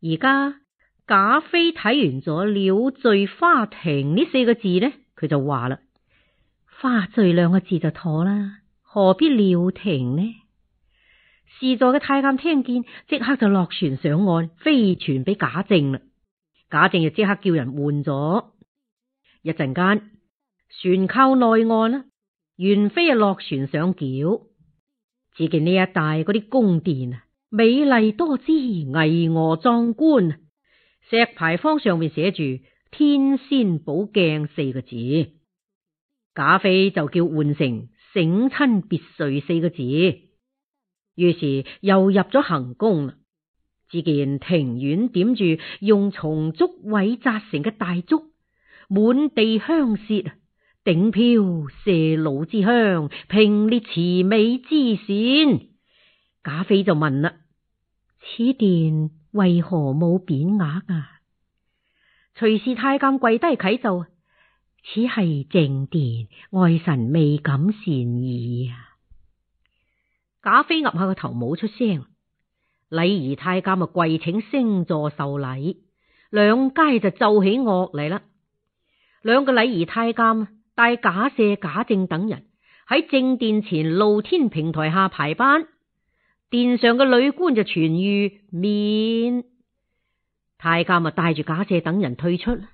而家賈妃睇完咗鳥醉花亭呢四個字咧，佢就話啦：花醉兩個字就妥啦，何必鳥亭呢？侍座嘅太監聽見，即刻就落船上岸，飛傳俾賈政啦。賈政就即刻叫人換咗。一陣間，船靠內岸啦，元妃啊落船上轎，只見呢一帶嗰啲宮殿啊。美麗多姿、巍峨壯觀，石牌坊上面寫住“天仙寶境”四個字，賈妃就叫換成“省親別墅”四個字。於是又入咗行宮啦，只見庭院點住用松竹位紮成嘅大竹，滿地香屑啊，鼎飄麝腦之香，屏列雉尾之扇。賈妃就問啦：此殿為何冇匾額啊？隨侍太監跪低啟奏：此係正殿，外臣未敢擅意啊。賈妃岌下個頭冇出聲。禮儀太監啊跪請升座受禮，兩階就奏起樂嚟啦。兩個禮儀太監帶賈赦、賈政等人喺正殿前露天平台下排班。殿上嘅女官就傳諭免，太監啊帶住賈赦等人退出啦。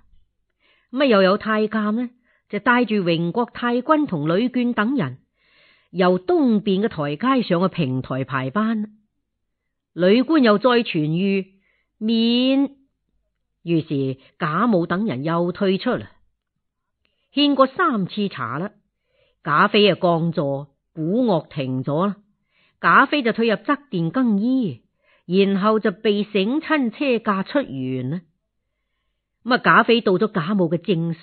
咁又有太監呢，就帶住榮國太君同女眷等人，由東邊嘅台階上嘅平台排班。女官又再傳諭免，於是賈母等人又退出啦。獻過三次茶啦，賈妃啊降座，鼓樂停咗啦。.賈妃就退入側殿更衣，然後就被醒親車駕出園啦。咁啊，賈妃到咗賈母嘅正室，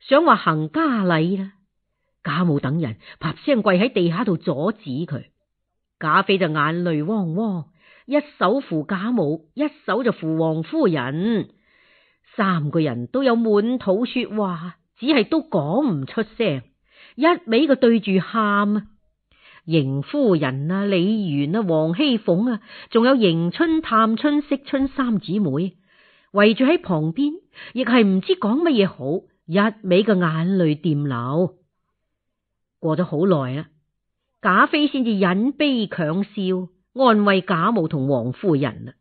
想話行家禮啦。賈母等人啪聲跪喺地下度阻止佢。賈妃就眼淚汪汪，一手扶賈母，一手就扶王夫人，三個人都有滿肚說話，只係都講唔出聲，一味嘅對住喊啊！邢夫人啊，李紈啊，王熙鳳啊，仲有迎春、探春、惜春三姊妹圍住喺旁邊，亦係唔知講乜嘢好，一味嘅眼淚掂流。過咗好耐啦，賈妃先至忍悲強笑，安慰賈母同王夫人啊，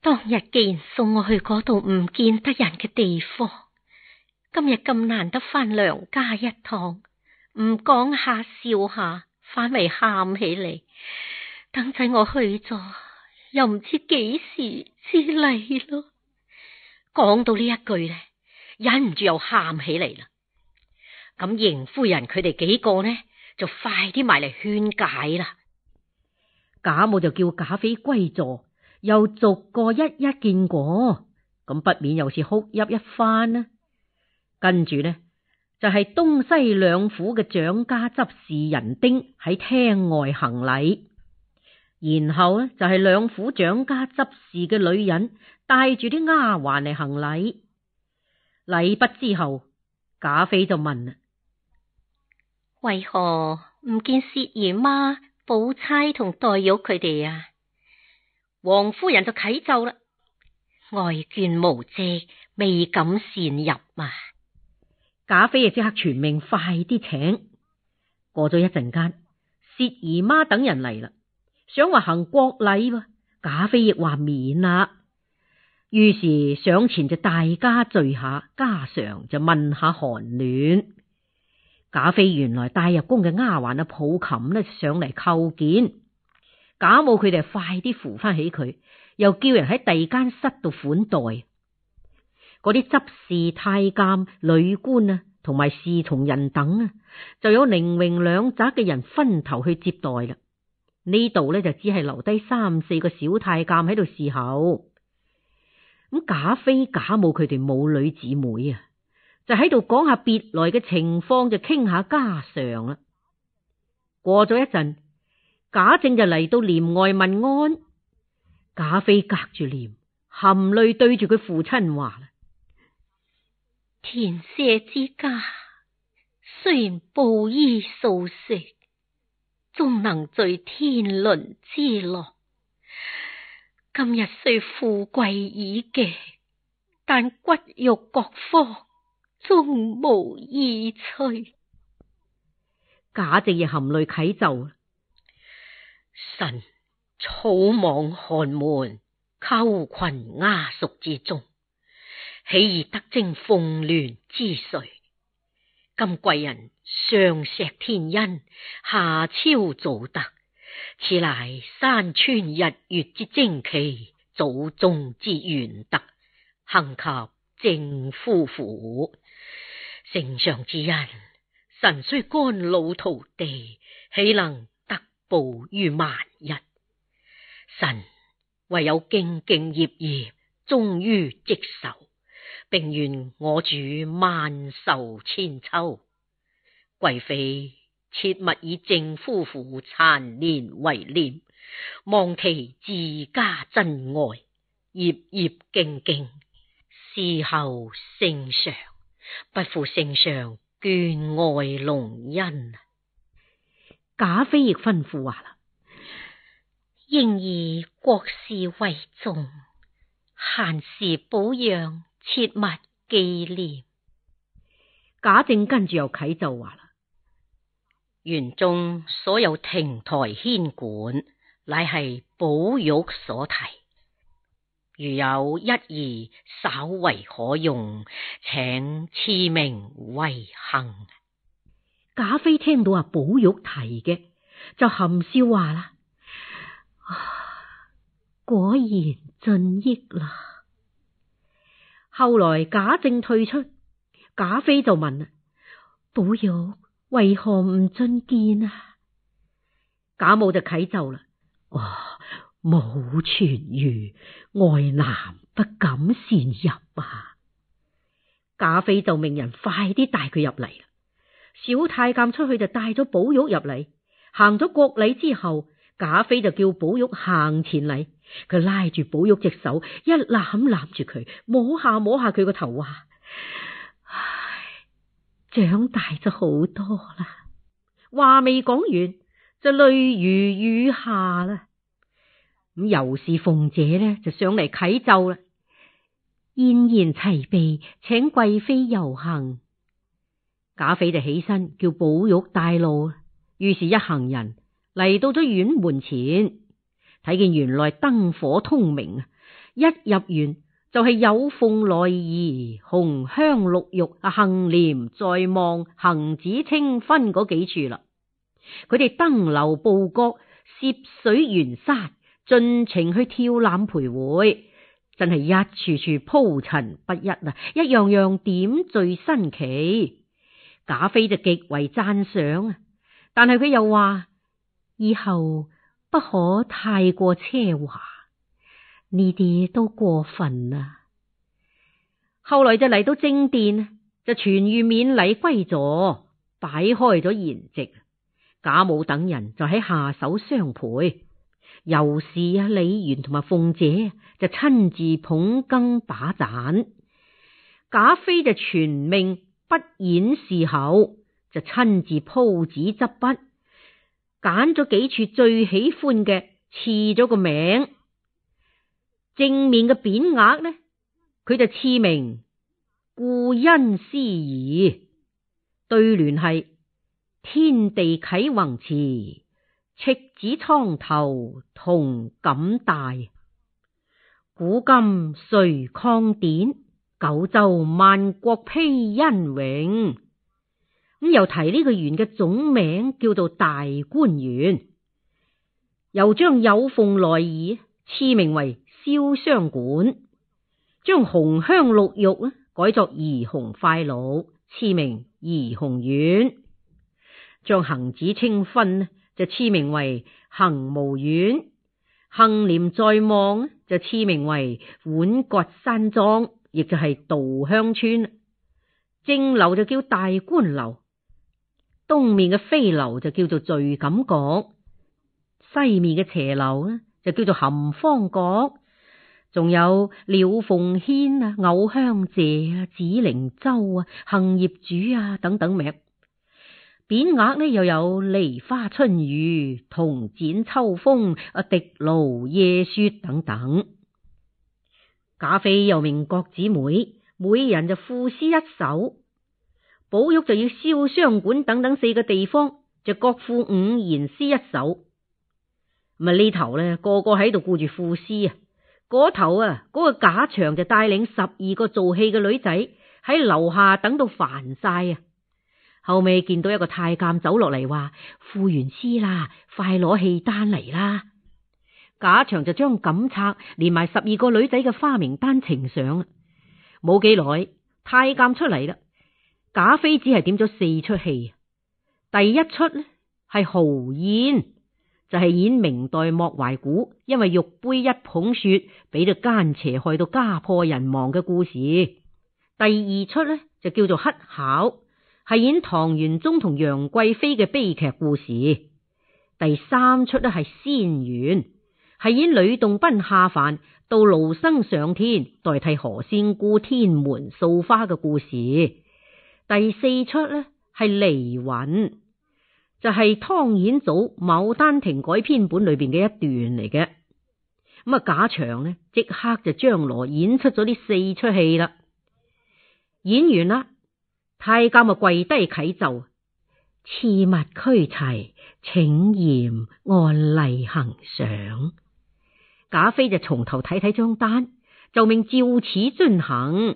當日既然送我去嗰度唔見得人嘅地方，今日咁難得翻娘家一趟，唔講下笑下，反為喊起嚟。等陣我去咗，又唔知幾時至嚟咯。講到呢一句咧，忍唔住又喊起嚟啦。咁邢夫人佢哋幾個呢，就快啲埋嚟勸解啦。賈母就叫賈妃歸座，又逐個一一見過，咁不免又是哭泣一番啦、啊。跟住呢？就係東西兩府嘅掌家執事人丁喺廳外行禮，然後咧就係兩府掌家執事嘅女人帶住啲丫鬟嚟行禮，禮畢之後賈妃就問啦：為何唔見薛姨媽、寶釵同黛玉佢哋啊？王夫人就啟奏啦：外眷無職，未敢擅入啊。賈妃啊，即刻傳命快，快啲請。過咗一陣間，薛姨媽等人嚟啦，想話行國禮，賈妃亦話免啦。於是上前就大家聚下，家常就問下寒暖。賈妃原來帶入宮嘅丫鬟啊，抱琴咧上嚟叩見。賈母佢哋快啲扶翻起佢，又叫人喺第二間室度款待。嗰啲執事太監、女官啊。同埋侍從人等啊，就有寧榮兩宅嘅人分頭去接待啦。呢度咧就只係留低三四個小太監喺度侍候。咁賈妃、賈母佢哋母女姊妹啊，就喺度講下別來嘅情況，就傾下家常啦。過咗一陣，賈政就嚟到簾外問安。賈妃隔住簾含淚對住佢父親話啦。田舍之家雖然布衣素食，終能聚天倫之樂。今日雖富貴已極，但骨肉各方，終無意趣。賈政亦含淚啟奏：臣草莽寒門，鳩群鴉屬之中。豈而得徵鳳鸞之瑞？今貴人上錫天恩，下超祖德，此乃山川日月之精奇，祖宗之玄德，幸及正夫婦。聖上之人，臣雖干露塗地，豈能得步於萬日？臣唯有兢兢業業，忠於職守。並願我主萬壽千秋，貴妃切勿以正夫婦殘年為念，望其自家珍愛，業業兢兢，事後聖上，不負聖上眷愛隆恩。賈妃亦吩咐話啦，應以國事為重，閒時保養。切勿紀念。賈政跟住又啟奏話啦：園中所有亭台軒館，乃係寶玉所提，如有一二稍為可用，請賜名為幸。賈妃聽到啊，寶玉提嘅就含笑話啦、啊：果然進益啦。後來賈政退出，賈妃就問啦：寶玉為何唔進見啊？賈母就啟奏啦：哇、哦，冇痊愈，外男不敢擅入啊！賈妃就命人快啲帶佢入嚟啦。小太監出去就帶咗寶玉入嚟，行咗國禮之後。賈妃就叫寶玉行前嚟，佢拉住寶玉隻手，一攬攬住佢，摸下摸下佢個頭，話：唉，長大咗好多啦！話未講完，就淚如雨下啦。咁又是鳳姐呢，就上嚟啟奏啦，筵宴齊備，請貴妃遊行。賈妃就起身叫寶玉帶路，於是一行人。嚟到咗園門前，睇見園內燈火通明啊！一入園就係、是、有鳳來儀、紅香綠玉啊，杏簾在望、蘅芷清芬嗰幾處啦。佢哋登樓步閣、涉水緣山，盡情去眺覽徘徊，真係一處處鋪陳不一啊，一樣樣點綴新奇。賈妃就極為讚賞啊，但係佢又話。以後不可太過奢華，呢啲都過分啦。後來就嚟到正殿，就全御免禮歸座，擺開咗筵席。賈母等人就喺下手相陪，尤氏啊、李紈同埋鳳姐就親自捧羹把盞，賈妃就全命不演侍候，就親自鋪紙執筆。揀咗幾處最喜歡嘅，賜咗個名。正面嘅匾額呢，佢就賜名顧恩思義。對聯係天地啟宏慈，赤子蒼頭同感戴。古今垂曠典，九州萬國被恩榮。咁又提呢個園嘅總名叫做大觀園，又將有鳳來儀賜名為瀟湘館，將紅香綠玉啊改作怡紅快綠，賜名怡紅院，將蘅芷清芬呢就賜名為蘅蕪苑，杏簾在望就賜名為浣葛山莊，亦就係稻香村。正樓就叫大觀樓。東面嘅飛樓就叫做聚錦閣，西面嘅斜樓咧就叫做含芳閣，仲有廖鳳軒啊、藕香榭啊、紫菱洲啊、杏葉主啊等等名匾額呢，又有梨花春雨、銅剪秋風、啊滴露夜雪等等。賈妃又命各姊妹每人就賦詩一首。寶玉就要瀟湘館，等等四個地方就各賦五言詩一首。咁啊呢頭咧個個喺度顧住賦詩啊，嗰頭啊嗰個賈薔就帶領十二個做戲嘅女仔喺樓下等到煩晒啊。後尾見到一個太監走落嚟話：賦完詩啦，快攞戲單嚟啦。賈薔就將錦冊連埋十二個女仔嘅花名單呈上。冇幾耐，太監出嚟啦。賈妃只係點咗四出戲，第一出咧，係《豪宴》，就係、是、演明代莫懷古，因為玉杯一捧雪俾到奸邪，害到家破人亡嘅故事。第二出咧就叫做《乞巧》，係演唐玄宗同楊貴妃嘅悲劇故事。第三出咧，係《仙緣》，係演呂洞賓下凡到盧生上天，代替何仙姑天門掃花嘅故事。第四出咧係《離魂》，就係、是、湯顯祖《牡丹亭》改編本裏邊嘅一段嚟嘅。咁啊，賈薔呢即刻就張羅演出咗呢四出戲啦。演完啦，太監跪低啟奏，賜物俱齊，請嚴按例行賞。賈妃就從頭睇睇張單，就命照此遵行。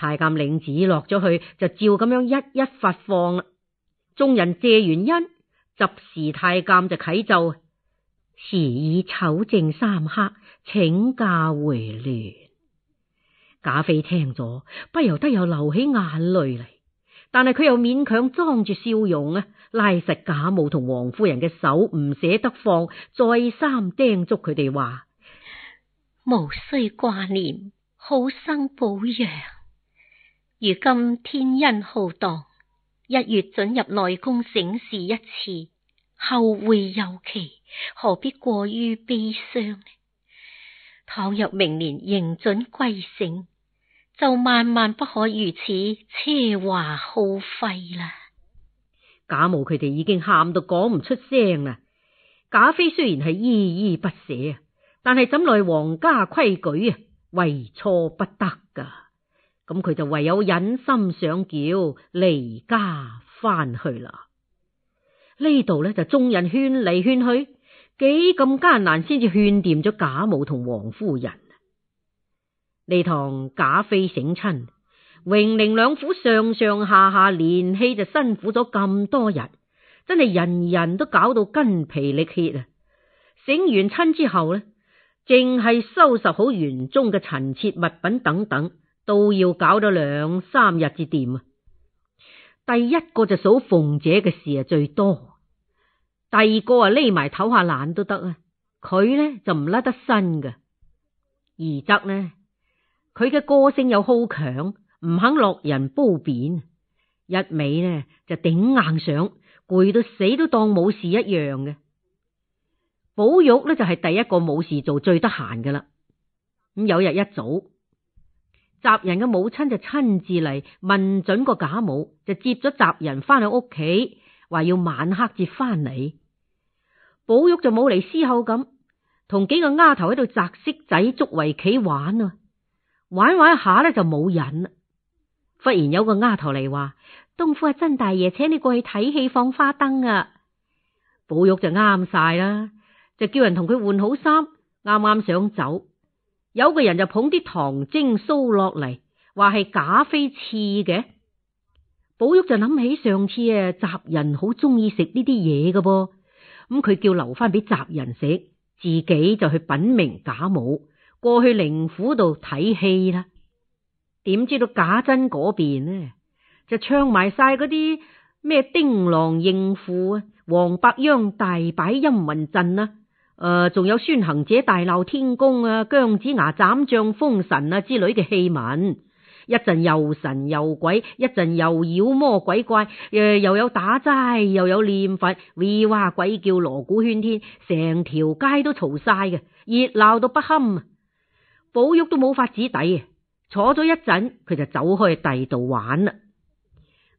太監領旨落咗去，就照咁樣一一發放啦。眾人謝原恩，及時太監就啟奏，時已丑正三刻，請假回鑾。賈妃聽咗，不由得又流起眼淚嚟，但係佢又勉強裝住笑容啊，拉實賈母同王夫人嘅手，唔捨得放，再三叮囑佢哋話：無需掛念，好生保養。如今天恩浩蕩，一月准入內宮省視一次，後會有期，何必過於悲傷呢？倘若明年仍准歸省，就萬萬不可如此奢華耗費啦。賈母佢哋已經喊到講唔出聲啦。賈妃雖然係依依不捨啊，但係怎奈皇家規矩啊，違錯不得噶。咁佢就唯有忍心上繳，離家翻去啦。呢度咧就眾人勸嚟勸去，幾咁艱難，先至勸掂咗賈母同王夫人。呢堂賈妃省親，榮寧兩府上上下下連氣就辛苦咗咁多日，真係人人都搞到筋疲力竭啊！省完親之後呢，淨係收拾好園中嘅陳設物品等等。都要搞到兩三日至掂啊！第一個就數鳳姐嘅事啊最多，第二個啊匿埋唞下懶都得啊，佢咧就唔甩得身噶。而則呢，佢嘅個性又好強，唔肯落人褒貶，一味呢就頂硬上，攰，到死都當冇事一樣嘅。寶玉呢，就係第一個冇事做最得閒噶啦。咁有日一早。襲人嘅母親就親自嚟問准個賈母，就接咗襲人翻去屋企，話要晚黑至翻嚟。寶玉就冇嚟思考咁，同幾個丫頭喺度擲色仔、捉圍棋玩啊！玩玩一下咧就冇癮啦。忽然有個丫頭嚟話：東府阿珍大爺請你過去睇戲、放花燈啊！寶玉就啱晒啦，就叫人同佢換好衫，啱啱想走。有個人就捧啲糖蒸酥落嚟，話係賈妃賜嘅。寶玉就諗起上次啊，襲人好中意食呢啲嘢嘅噃，咁佢叫留翻俾襲人食，自己就去品茗賈母過去寧府度睇戲啦。點知道賈珍嗰邊呢，就唱埋晒嗰啲咩丁郎認父啊，黃伯央大擺陰魂陣啊！誒、仲、呃、有孫行者大鬧天宮啊，姜子牙斬將封神啊之類嘅戲文，一陣又神又鬼，一陣又妖魔鬼怪，誒、呃、又有打齋，又有念佛，威哇鬼叫，鑼鼓喧天，成條街都嘈晒嘅，熱鬧到不堪，啊！」寶玉都冇法子抵啊！坐咗一陣，佢就走開去第二度玩啦。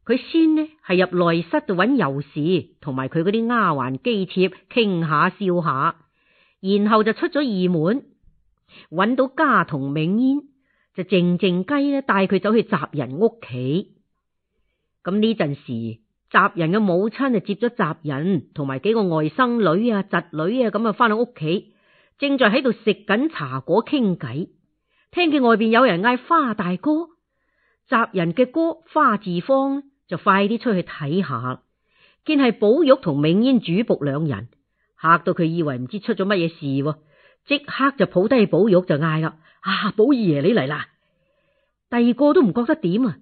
佢先呢係入內室度揾尤氏，同埋佢嗰啲丫鬟姬妾傾下笑下。然後就出咗二門，揾到家童茗煙，就靜靜雞咧帶佢走去襲人屋企。咁呢陣時，襲人嘅母親就接咗襲人同埋幾個外甥女啊侄女啊咁啊翻到屋企，正在喺度食緊茶果傾偈。聽見外邊有人嗌花大哥，襲人嘅哥花自芳就快啲出去睇下，見係寶玉同茗煙主僕兩人。吓到佢以為唔知出咗乜嘢事喎，即刻就抱低寶玉就嗌啦：啊，寶二爺你嚟啦！第二個都唔覺得點啊，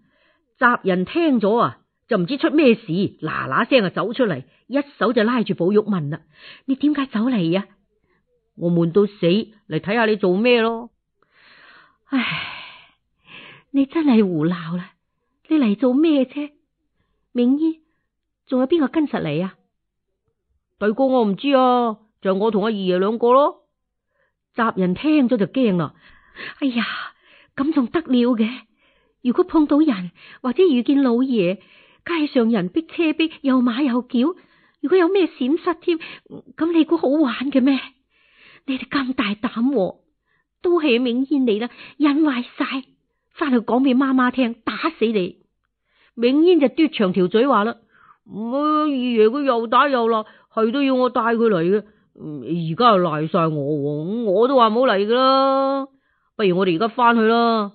襲人聽咗啊，就唔知出咩事，嗱嗱聲啊走出嚟，一手就拉住寶玉問啦：你點解走嚟啊？我悶到死，嚟睇下你做咩咯？唉，你真係胡鬧啦！你嚟做咩啫？茗煙，仲有邊個跟實你啊？大哥我唔知啊，就是、我同阿二爺兩個咯。襲人聽咗就驚啦，哎呀，咁仲得了嘅？如果碰到人或者遇見老爺，街上人逼車逼又馬又轎，如果有咩閃失添，咁你估好玩嘅咩？你哋咁大膽，都係茗煙嚟啦，引壞晒，翻去講俾媽媽聽，打死你！茗煙就嘟長條嘴話啦，我、嗯、二爺佢又打又鬧。係都要我帶佢嚟嘅，而家又賴晒我，我都話冇嚟㗎啦。不如我哋而家返去，嗯呃、啦。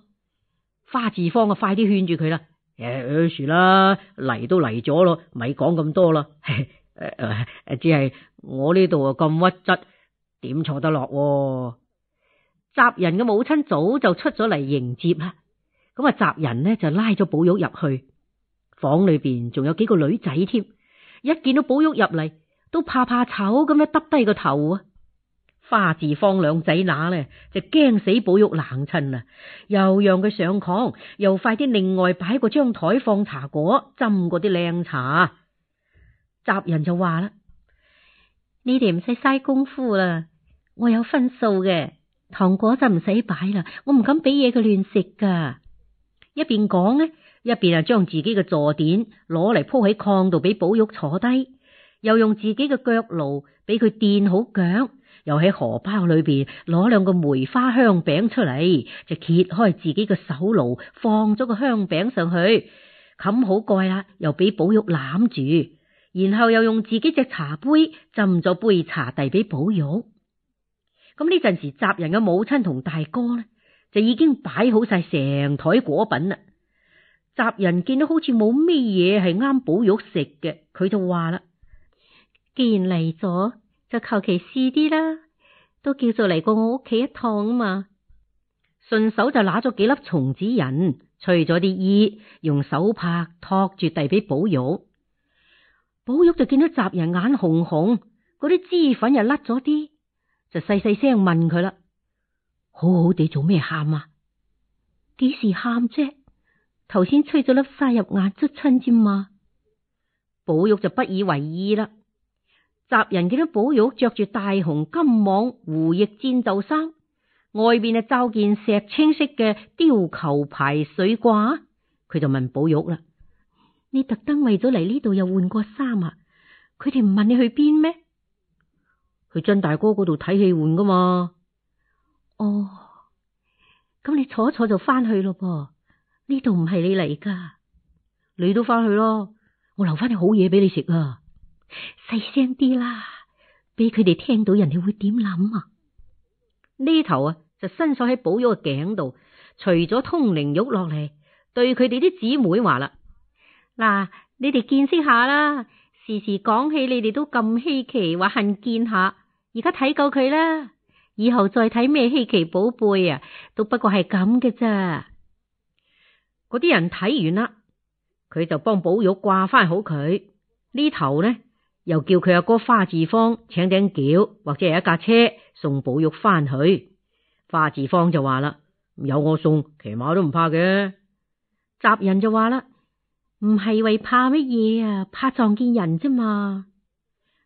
花自芳啊，快啲勸住佢啦。誒、 呃，算啦，嚟都嚟咗咯，咪講咁多啦。只係我呢度啊，咁屈質，點坐得落？襲人嘅母親早就出咗嚟迎接啦。咁啊，襲人呢就拉咗寶玉入去房裏邊，仲有幾個女仔添。一見到寶玉入嚟。都怕怕醜咁樣耷低個頭啊！花自芳兩仔乸咧就驚死寶玉冷親啊。又讓佢上炕，又快啲另外擺個張檯放茶果，斟嗰啲靚茶。襲人就話啦：你哋唔使嘥功夫啦，我有分數嘅，糖果就唔使擺啦，我唔敢俾嘢佢亂食噶。一邊講咧，一邊啊將自己嘅坐墊攞嚟鋪喺炕度，俾寶玉坐低。又用自己嘅腳爐俾佢墊好腳，又喺荷包裏邊攞兩個梅花香餅出嚟，就揭開自己嘅手爐放咗個香餅上去，冚好蓋啦，又俾寶玉攬住，然後又用自己隻茶杯斟咗杯茶遞俾寶玉。咁呢陣時，襲人嘅母親同大哥咧就已經擺好晒成台果品啦。襲人見到好似冇咩嘢係啱寶玉食嘅，佢就話啦。既然嚟咗，就求其試啲啦。都叫做嚟過我屋企一趟啊嘛，順手就拿咗幾粒松子仁，吹咗啲衣，用手帕托住遞俾寶玉。寶玉就見到襲人眼紅紅，嗰啲脂粉又甩咗啲，就細細聲問佢啦：好好地做咩喊啊？幾時喊啫？頭先吹咗粒沙入眼出，捽親尖嘛。寶玉就不以為意啦。襲人見到寶玉着住大紅金網胡翼戰鬥衫，外邊啊罩件石青色嘅貂裘排水褂。佢就問寶玉啦：你特登為咗嚟呢度又換過衫啊？佢哋唔問你去邊咩？去珍大哥嗰度睇戲換噶嘛？哦，咁你坐一坐就翻去咯噃？呢度唔係你嚟噶，你都翻去咯。我留翻啲好嘢俾你食啊！細聲啲啦，俾佢哋聽到，人哋會點諗啊？呢頭啊就伸手喺寶玉嘅頸度，除咗通靈玉落嚟，對佢哋啲姊妹話啦：嗱，你哋見識下啦，時時講起你哋都咁稀奇，話恨見下。而家睇夠佢啦，以後再睇咩稀奇寶貝啊，都不過係咁嘅咋。嗰啲人睇完啦，佢就幫寶玉掛翻好佢呢頭呢？又叫佢阿哥花自芳請頂轎或者係一架車送寶玉翻去。花自芳就話啦：有我送，騎馬都唔怕嘅。襲人就話啦：唔係為怕乜嘢啊，怕撞見人啫嘛。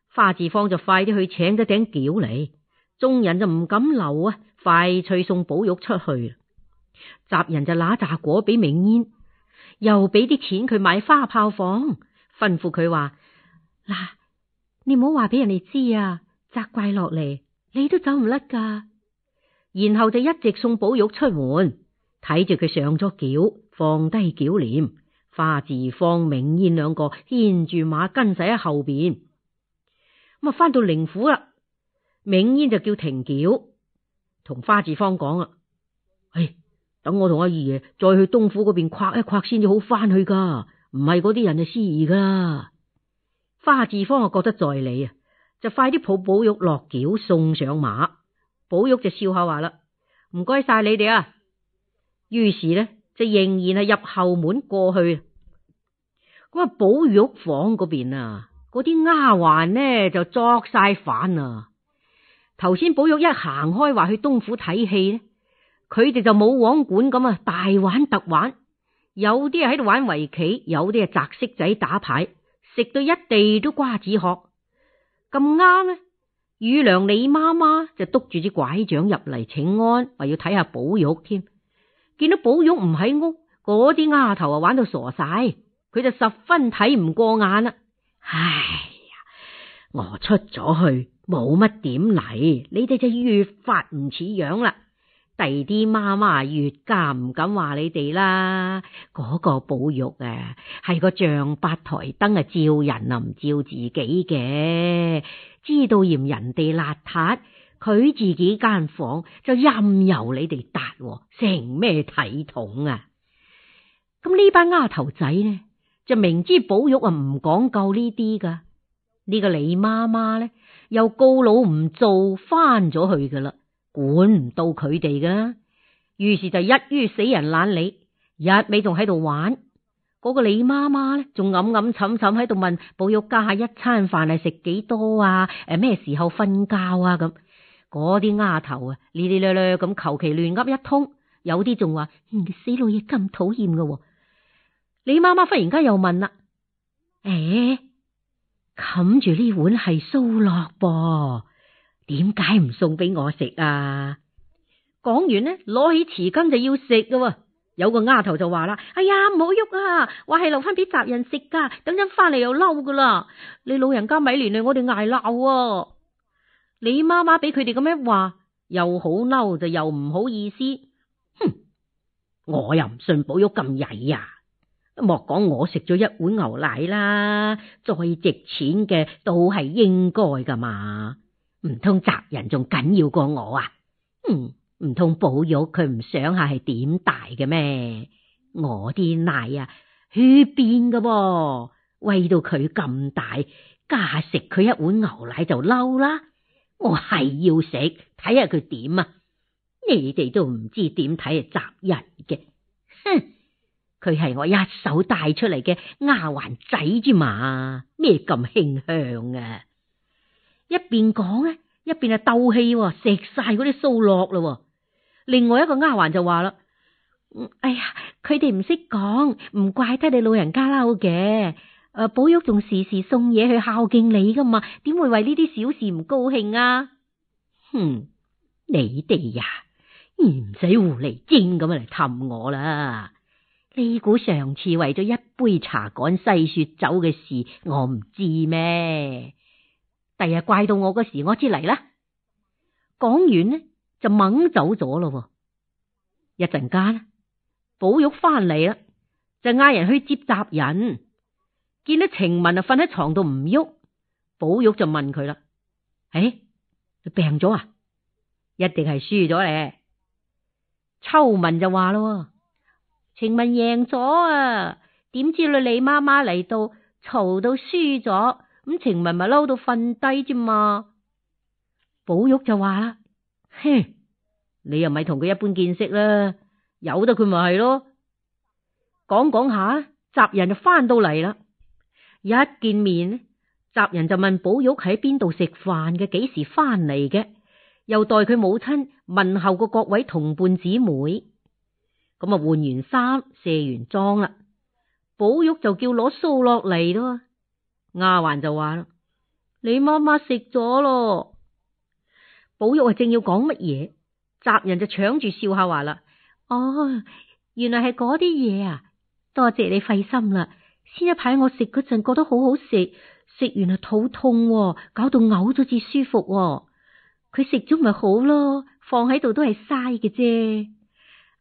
花自芳就快啲去請咗頂轎嚟，眾人就唔敢留啊，快脆送寶玉出去。襲人就拿扎果俾茗煙，又俾啲錢佢買花炮放，吩咐佢話：嗱、啊。你唔好話俾人哋知啊！責怪落嚟，你都走唔甩噶。然後就一直送寶玉出門，睇住佢上咗轎，放低轎簾。花自芳、茗煙兩個牽住馬跟仔喺後邊。咁啊，翻到寧府啦。茗煙就叫停轎，同花自芳講啦：唉、哎，等我同阿二爺再去東府嗰邊逛一逛先至好翻去噶，唔係嗰啲人啊，私意噶啦。花自芳啊，覺得在理啊，就快啲抱寶玉落轎，送上馬。寶玉就笑下話啦：唔該晒你哋啊。於是咧就仍然係入後門過去。咁啊，寶玉房嗰邊啊，嗰啲丫鬟，呢就作晒反啊。頭先寶玉一行開話去東府睇戲，佢哋就冇往管咁，啊，大玩特玩。有啲係喺度玩圍棋，有啲係摘色仔打牌。食到一地都瓜子殼，咁啱呢，雨良李媽媽就督住支拐杖入嚟請安，話要睇下寶玉添。見到寶玉唔喺屋，嗰啲丫頭啊玩到傻晒，佢就十分睇唔過眼啦。唉呀，我出咗去冇乜點嚟，你哋就越發唔似樣啦。第啲媽媽越加唔敢話你哋啦，嗰個寶玉啊，係個象八台燈啊，照人啊唔照自己嘅，知道嫌人哋邋遢，佢自己間房就任由你哋搭，成咩體統啊？咁呢班丫頭仔呢，就明知寶玉啊唔講究呢啲噶，呢個李媽媽呢又告老唔做，翻咗去噶啦。管唔到佢哋噶，於是就一於死人懶理，日尾仲喺度玩。嗰個李媽媽咧，仲暗暗沉沉喺度問：寶玉家下一餐飯係食幾多啊？誒，咩時候瞓覺啊？咁嗰啲丫頭啊，哩哩啦啦咁求其亂噏一通，有啲仲話：死老嘢咁討厭噶。李媽媽忽然間又問啦：誒，冚住呢碗係酥酪噃？點解唔送俾我食啊？講完呢，攞起匙羹就要食咯啊。有個丫頭就話啦：哎呀，唔好喐啊！話係留翻俾襲人食噶，等陣翻嚟又嬲噶啦。你老人家咪連累我哋挨鬧啊。你媽媽俾佢哋咁樣話，又好嬲，就又唔好意思。哼，我又唔信寶玉咁曳啊！莫講我食咗一碗牛奶啦，再值錢嘅都係應該噶嘛。唔通襲人仲緊要過我啊？嗯，唔通寶玉佢唔想下係點大嘅咩？我啲奶啊去邊噶？餵到佢咁大，加食佢一碗牛奶就嬲啦。我係要食，睇下佢點啊？你哋都唔知點睇啊？襲人嘅，哼，佢係我一手帶出嚟嘅丫鬟仔之嘛，咩咁馨香啊？一邊講咧，一邊啊鬥氣，食晒嗰啲酥酪啦。另外一個丫鬟就話啦，嗯，哎呀，佢哋唔識講，唔怪得你老人家嬲嘅。誒、啊，寶玉仲時時送嘢去孝敬你噶嘛，點會為呢啲小事唔高興啊？哼，你哋呀、啊，唔使狐狸精咁嚟氹我啦。你估上次為咗一杯茶趕西雪走嘅事，我唔知咩？第日怪到我嗰時，我知嚟啦。講完呢，就猛走咗咯。一陣間，寶玉翻嚟啦，就嗌人去接襲人。見到晴雯啊，瞓喺床度唔喐，寶玉就問佢啦：，唉、哎，你病咗啊？一定係輸咗咧。秋文就話咯：，晴雯贏咗啊，點知你李媽媽嚟到，嘈到輸咗。咁晴雯咪嬲到瞓低啫嘛，寶玉就話啦：，嘿，你又咪同佢一般見識啦，由得佢咪係咯。講講下，襲人就翻到嚟啦。一見面呢，襲人就問寶玉喺邊度食飯嘅，幾時翻嚟嘅，又代佢母親問候個各位同伴姊妹。咁啊換完衫卸完妝啦，寶玉就叫攞梳落嚟咯。丫鬟就話啦：，你媽媽食咗咯。寶玉啊，正要講乜嘢，襲人就搶住笑下話啦：，哦，原來係嗰啲嘢啊！多謝你費心啦。先一排我食嗰陣覺得好好食，食完啊肚痛啊，搞到嘔咗至舒服、啊。佢食咗咪好咯，放喺度都係嘥嘅啫。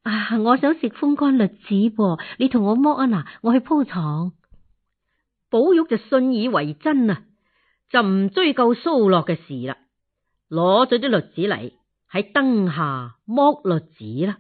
啊，我想食風乾栗子、啊，噃，你同我摸啊嗱，我去鋪床。寶玉就信以為真啊，就唔追究酥酪嘅事啦，攞咗啲栗子嚟喺燈下剝栗子啦。